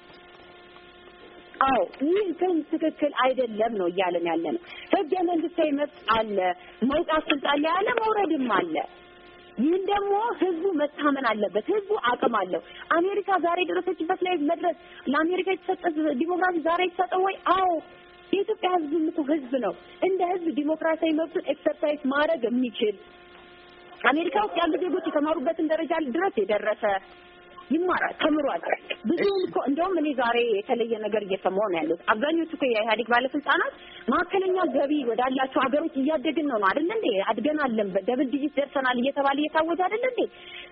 አዎ ይህ ግን ትክክል አይደለም ነው እያለን ያለ ነው። ህገ መንግስታዊ መብት አለ፣ መውጣት ስልጣን ላይ አለ፣ መውረድም አለ። ይህን ደግሞ ህዝቡ መታመን አለበት። ህዝቡ አቅም አለው። አሜሪካ ዛሬ የደረሰችበት ላይ መድረስ ለአሜሪካ የተሰጠ ዲሞክራሲ ዛሬ የተሰጠ ወይ? አዎ የኢትዮጵያ ህዝብ ምቱ ህዝብ ነው። እንደ ህዝብ ዲሞክራሲያዊ መብቱን ኤክሰርሳይዝ ማድረግ የሚችል አሜሪካ ውስጥ ያሉ ዜጎች የተማሩበትን ደረጃ ድረስ የደረሰ ይማራል፣ ተምሯል። ብዙም እኮ እንደውም እኔ ዛሬ የተለየ ነገር እየሰማሁ ነው ያሉት። አብዛኞቹ እኮ የኢህአዴግ ባለስልጣናት መካከለኛ ገቢ ወዳላቸው ሀገሮች እያደግን ነው ነው አይደል እንዴ? አድገናለን፣ ደብል ዲጂት ደርሰናል እየተባለ እየታወጀ አይደል እንዴ?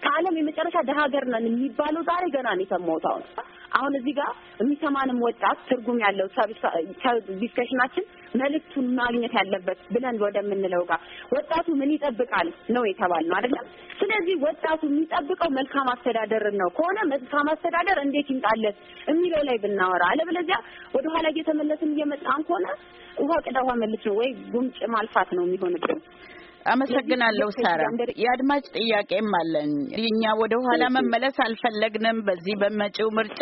ከዓለም የመጨረሻ ደሀ ሀገር ነን የሚባለው ዛሬ ገና ነው የሰማሁት። አሁን አሁን እዚህ ጋር የሚሰማንም ወጣት ትርጉም ያለው ዲስከሽናችን መልእክቱን ማግኘት ያለበት ብለን ወደምንለው ጋር ወጣቱ ምን ይጠብቃል ነው የተባል ነው አይደለም። ስለዚህ ወጣቱ የሚጠብቀው መልካም አስተዳደርን ነው ከሆነ መልካም አስተዳደር እንዴት ይምጣለት የሚለው ላይ ብናወራ፣ አለበለዚያ ወደኋላ እየተመለስን እየመጣን ከሆነ ውሃ ቅዳ ውሃ መልስ ነው ወይ ጉምጭ ማልፋት ነው የሚሆንብን። አመሰግናለሁ ሳራ። የአድማጭ ጥያቄም አለን። እኛ ወደ ኋላ መመለስ አልፈለግንም። በዚህ በመጪው ምርጫ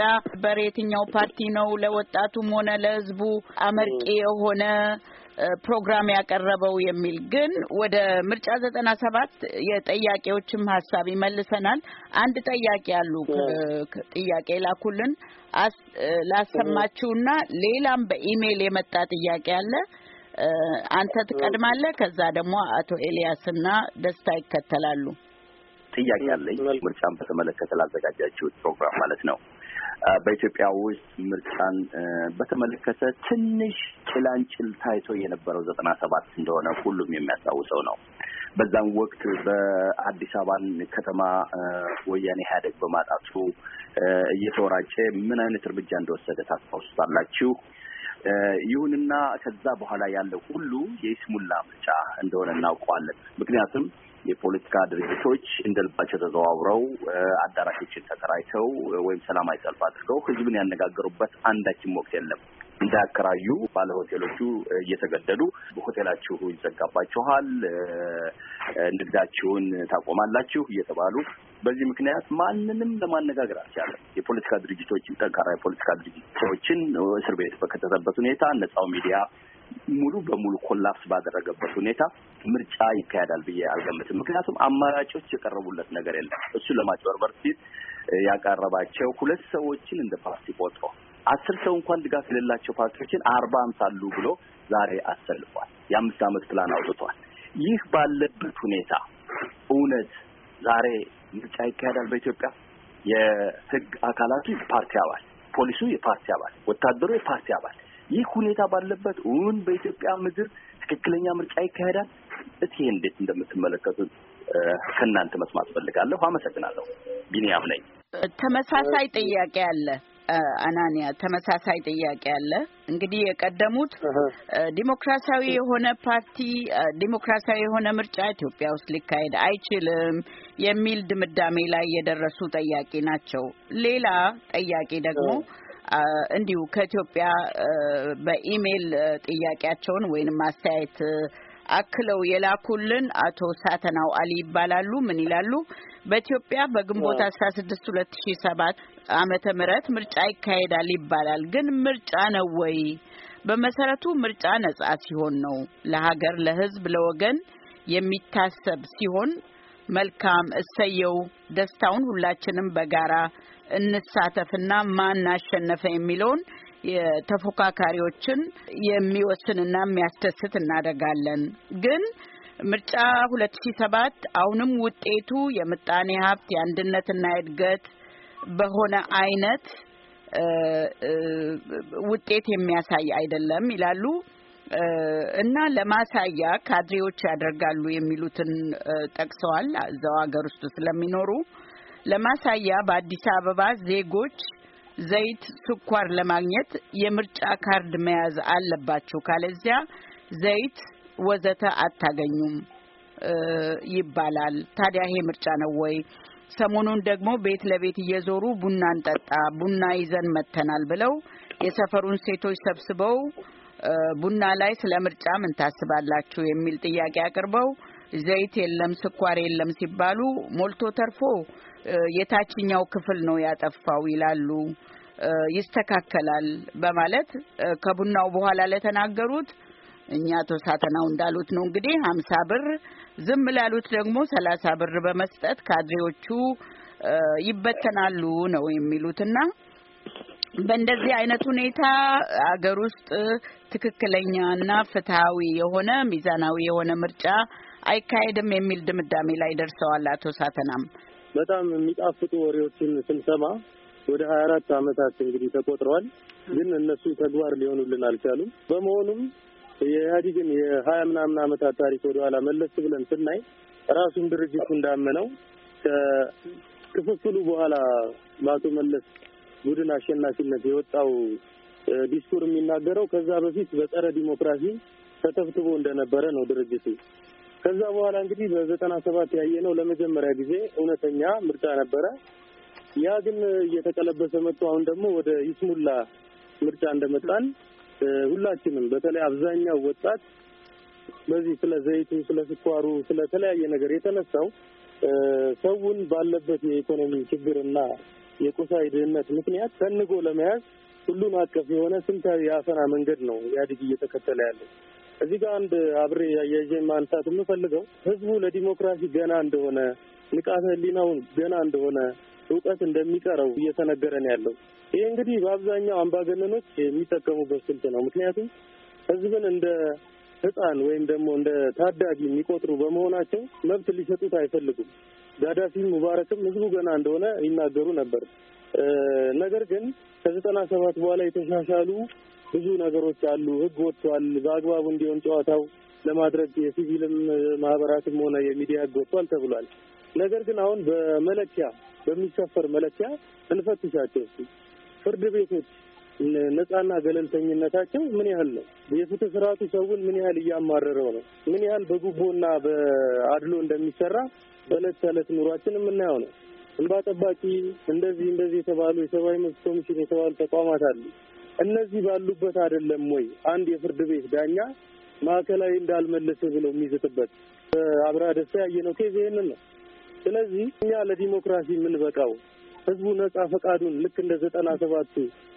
የትኛው ፓርቲ ነው ለወጣቱም ሆነ ለሕዝቡ አመርቂ የሆነ ፕሮግራም ያቀረበው የሚል ግን ወደ ምርጫ ዘጠና ሰባት የጠያቄዎችም ሀሳብ ይመልሰናል። አንድ ጠያቄ አሉ ጥያቄ ላኩልን ላሰማችሁና ሌላም በኢሜይል የመጣ ጥያቄ አለ አንተ ትቀድማለህ፣ ከዛ ደግሞ አቶ ኤልያስና ደስታ ይከተላሉ። ጥያቄ አለኝ ምርጫን በተመለከተ ላዘጋጃችሁት ፕሮግራም ማለት ነው። በኢትዮጵያ ውስጥ ምርጫን በተመለከተ ትንሽ ጭላንጭል ታይቶ የነበረው ዘጠና ሰባት እንደሆነ ሁሉም የሚያስታውሰው ነው። በዛም ወቅት በአዲስ አበባን ከተማ ወያኔ ኢህአዴግ በማጣቱ እየተወራጨ ምን አይነት እርምጃ እንደወሰደ ታስታውሱታላችሁ? ይሁንና ከዛ በኋላ ያለው ሁሉ የይስሙላ ምርጫ እንደሆነ እናውቀዋለን። ምክንያቱም የፖለቲካ ድርጅቶች እንደልባቸው ተዘዋውረው አዳራሾችን ተከራይተው ወይም ሰላማዊ ሰልፍ አድርገው ህዝብን ያነጋገሩበት አንዳችም ወቅት የለም። እንዳያከራዩ ባለሆቴሎቹ እየተገደዱ ሆቴላችሁ ይዘጋባችኋል፣ ንግዳችሁን ታቆማላችሁ እየተባሉ በዚህ ምክንያት ማንንም ለማነጋገር አልቻለም። የፖለቲካ ድርጅቶች ጠንካራ የፖለቲካ ድርጅቶችን እስር ቤት በከተተበት ሁኔታ ነፃው ሚዲያ ሙሉ በሙሉ ኮላፕስ ባደረገበት ሁኔታ ምርጫ ይካሄዳል ብዬ አልገምትም። ምክንያቱም አማራጮች የቀረቡለት ነገር የለም። እሱ ለማጭበርበር ሲል ያቀረባቸው ሁለት ሰዎችን እንደ ፓርቲ ቆጥሮ አስር ሰው እንኳን ድጋፍ የሌላቸው ፓርቲዎችን አርባ አሉ ብሎ ዛሬ አሰልፏል። የአምስት ዓመት ፕላን አውጥቷል። ይህ ባለበት ሁኔታ እውነት ዛሬ ምርጫ ይካሄዳል በኢትዮጵያ። የህግ አካላቱ የፓርቲ አባል፣ ፖሊሱ የፓርቲ አባል፣ ወታደሩ የፓርቲ አባል። ይህ ሁኔታ ባለበት እውን በኢትዮጵያ ምድር ትክክለኛ ምርጫ ይካሄዳል? እቴ እንዴት እንደምትመለከቱት ከእናንተ መስማት ፈልጋለሁ። አመሰግናለሁ። ቢኒያም ነኝ። ተመሳሳይ ጥያቄ አለ። አናንያ ተመሳሳይ ጥያቄ አለ። እንግዲህ የቀደሙት ዲሞክራሲያዊ የሆነ ፓርቲ ዲሞክራሲያዊ የሆነ ምርጫ ኢትዮጵያ ውስጥ ሊካሄድ አይችልም የሚል ድምዳሜ ላይ የደረሱ ጠያቂ ናቸው። ሌላ ጠያቂ ደግሞ እንዲሁ ከኢትዮጵያ በኢሜይል ጥያቄያቸውን ወይንም አስተያየት አክለው የላኩልን አቶ ሳተናው አሊ ይባላሉ። ምን ይላሉ? በኢትዮጵያ በግንቦት አስራ ስድስት ሁለት ሺ ሰባት አመተ ምህረት ምርጫ ይካሄዳል ይባላል። ግን ምርጫ ነው ወይ? በመሰረቱ ምርጫ ነጻ ሲሆን ነው ለሀገር፣ ለህዝብ፣ ለወገን የሚታሰብ ሲሆን መልካም እሰየው፣ ደስታውን ሁላችንም በጋራ እንሳተፍና ማን አሸነፈ የሚለውን የተፎካካሪዎችን የሚወስንና የሚያስደስት እናደርጋለን ግን ምርጫ 2007 አሁንም ውጤቱ የምጣኔ ሀብት የአንድነትና የእድገት በሆነ አይነት ውጤት የሚያሳይ አይደለም ይላሉ እና ለማሳያ ካድሬዎች ያደርጋሉ የሚሉትን ጠቅሰዋል። እዛው ሀገር ውስጥ ስለሚኖሩ ለማሳያ በአዲስ አበባ ዜጎች ዘይት፣ ስኳር ለማግኘት የምርጫ ካርድ መያዝ አለባቸው። ካለዚያ ዘይት ወዘተ አታገኙም ይባላል። ታዲያ ይሄ ምርጫ ነው ወይ? ሰሞኑን ደግሞ ቤት ለቤት እየዞሩ ቡና እንጠጣ፣ ቡና ይዘን መጥተናል ብለው የሰፈሩን ሴቶች ሰብስበው ቡና ላይ ስለ ምርጫ ምን ታስባላችሁ የሚል ጥያቄ አቅርበው ዘይት የለም ስኳር የለም ሲባሉ ሞልቶ ተርፎ የታችኛው ክፍል ነው ያጠፋው ይላሉ፣ ይስተካከላል በማለት ከቡናው በኋላ ለተናገሩት እኛ አቶ ሳተናው እንዳሉት ነው እንግዲህ ሀምሳ ብር ዝም ላሉት ደግሞ ሰላሳ ብር በመስጠት ካድሬዎቹ ይበተናሉ ነው የሚሉትና በእንደዚህ አይነት ሁኔታ አገር ውስጥ ትክክለኛና ፍትሐዊ የሆነ ሚዛናዊ የሆነ ምርጫ አይካሄድም የሚል ድምዳሜ ላይ ደርሰዋል። አቶ ሳተናም በጣም የሚጣፍጡ ወሬዎችን ስንሰማ ወደ ሀያ አራት አመታት እንግዲህ ተቆጥረዋል። ግን እነሱ ተግባር ሊሆኑልን አልቻሉም። በመሆኑም የኢህአዴግን የሀያ ምናምን ዓመታት ታሪክ ወደኋላ መለስ ብለን ስናይ ራሱን ድርጅቱ እንዳመነው ከክፍፍሉ በኋላ በአቶ መለስ ቡድን አሸናፊነት የወጣው ዲስኩር የሚናገረው ከዛ በፊት በጸረ ዲሞክራሲ ተተብትቦ እንደነበረ ነው ድርጅቱ። ከዛ በኋላ እንግዲህ በዘጠና ሰባት ያየነው ለመጀመሪያ ጊዜ እውነተኛ ምርጫ ነበረ። ያ ግን እየተቀለበሰ መጥቶ አሁን ደግሞ ወደ ይስሙላ ምርጫ እንደመጣን ሁላችንም በተለይ አብዛኛው ወጣት በዚህ ስለ ዘይቱ፣ ስለ ስኳሩ፣ ስለተለያየ ነገር የተነሳው ሰውን ባለበት የኢኮኖሚ ችግርና የቁሳዊ ድህነት ምክንያት ሰንጎ ለመያዝ ሁሉን አቀፍ የሆነ ስልታዊ የአፈና መንገድ ነው ኢህአዴግ እየተከተለ ያለው። እዚህ ጋር አንድ አብሬ ያያይዤ ማንሳት የምፈልገው ህዝቡ ለዲሞክራሲ ገና እንደሆነ ንቃተ ህሊናውን ገና እንደሆነ እውቀት እንደሚቀረው እየተነገረን ያለው። ይህ እንግዲህ በአብዛኛው አምባገነኖች የሚጠቀሙበት ስልት ነው። ምክንያቱም ህዝብን እንደ ህፃን ወይም ደግሞ እንደ ታዳጊ የሚቆጥሩ በመሆናቸው መብት ሊሰጡት አይፈልጉም። ጋዳፊ ሙባረክም ህዝቡ ገና እንደሆነ ይናገሩ ነበር። ነገር ግን ከዘጠና ሰባት በኋላ የተሻሻሉ ብዙ ነገሮች አሉ። ህግ ወጥቷል። በአግባቡ እንዲሆን ጨዋታው ለማድረግ የሲቪልም ማህበራትም ሆነ የሚዲያ ህግ ወጥቷል ተብሏል። ነገር ግን አሁን በመለኪያ በሚሰፈር መለኪያ እንፈትሻቸው። ፍርድ ቤቶች ነጻና ገለልተኝነታቸው ምን ያህል ነው? የፍትህ ስርዓቱ ሰውን ምን ያህል እያማረረው ነው? ምን ያህል በጉቦና በአድሎ እንደሚሰራ በእለት ተዕለት ኑሯችን የምናየው ነው። እንባ ጠባቂ እንደዚህ እንደዚህ የተባሉ የሰብአዊ መብት ኮሚሽን የተባሉ ተቋማት አሉ። እነዚህ ባሉበት አይደለም ወይ አንድ የፍርድ ቤት ዳኛ ማዕከላዊ እንዳልመለስ ብሎ የሚዝትበት? አብራ ደስታ ያየነው ኬዝ ይህንን ነው። ስለዚህ እኛ ለዲሞክራሲ የምንበቃው ህዝቡ ነጻ ፈቃዱን ልክ እንደ ዘጠና ሰባቱ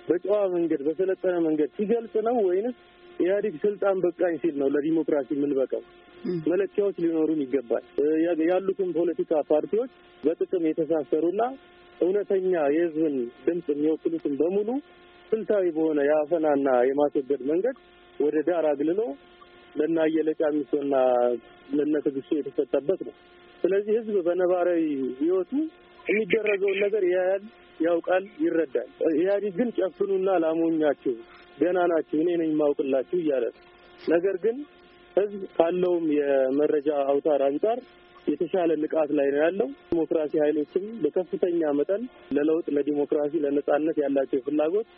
በጨዋ መንገድ በሰለጠነ መንገድ ሲገልጽ ነው ወይንስ ኢህአዴግ ስልጣን በቃኝ ሲል ነው ለዲሞክራሲ የምንበቃው? መለኪያዎች ሊኖሩን ይገባል። ያሉትን ፖለቲካ ፓርቲዎች በጥቅም የተሳሰሩና እውነተኛ የህዝብን ድምፅ የሚወክሉትን በሙሉ ስልታዊ በሆነ የአፈናና የማስወገድ መንገድ ወደ ዳር አግልሎ ለእነ አየለ ጫሚሶና ለእነ ትዕግስቱ የተሰጠበት ነው። ስለዚህ ህዝብ በነባራዊ ህይወቱ የሚደረገውን ነገር ያያል፣ ያውቃል፣ ይረዳል። ኢህአዲግ ግን ጨፍኑና ላሞኛችሁ ገና ናችሁ እኔ ነኝ የማውቅላችሁ እያለ ነገር ግን ህዝብ ካለውም የመረጃ አውታር አንጻር የተሻለ ንቃት ላይ ነው ያለው። ዲሞክራሲ ኃይሎችም በከፍተኛ መጠን ለለውጥ፣ ለዲሞክራሲ፣ ለነጻነት ያላቸው ፍላጎት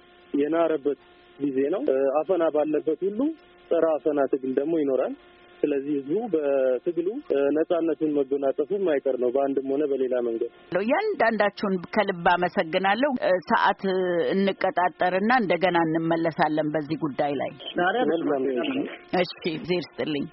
የናረበት ጊዜ ነው። አፈና ባለበት ሁሉ ጸረ አፈና ትግል ደግሞ ይኖራል። ስለዚህ ህዝቡ በትግሉ ነጻነቱን መጎናጸፉ የማይቀር ነው በአንድም ሆነ በሌላ መንገድ። እያንዳንዳችሁን ከልብ አመሰግናለሁ። ሰዓት እንቀጣጠርና እንደገና እንመለሳለን በዚህ ጉዳይ ላይ እሺ። ዜር ስጥልኝ።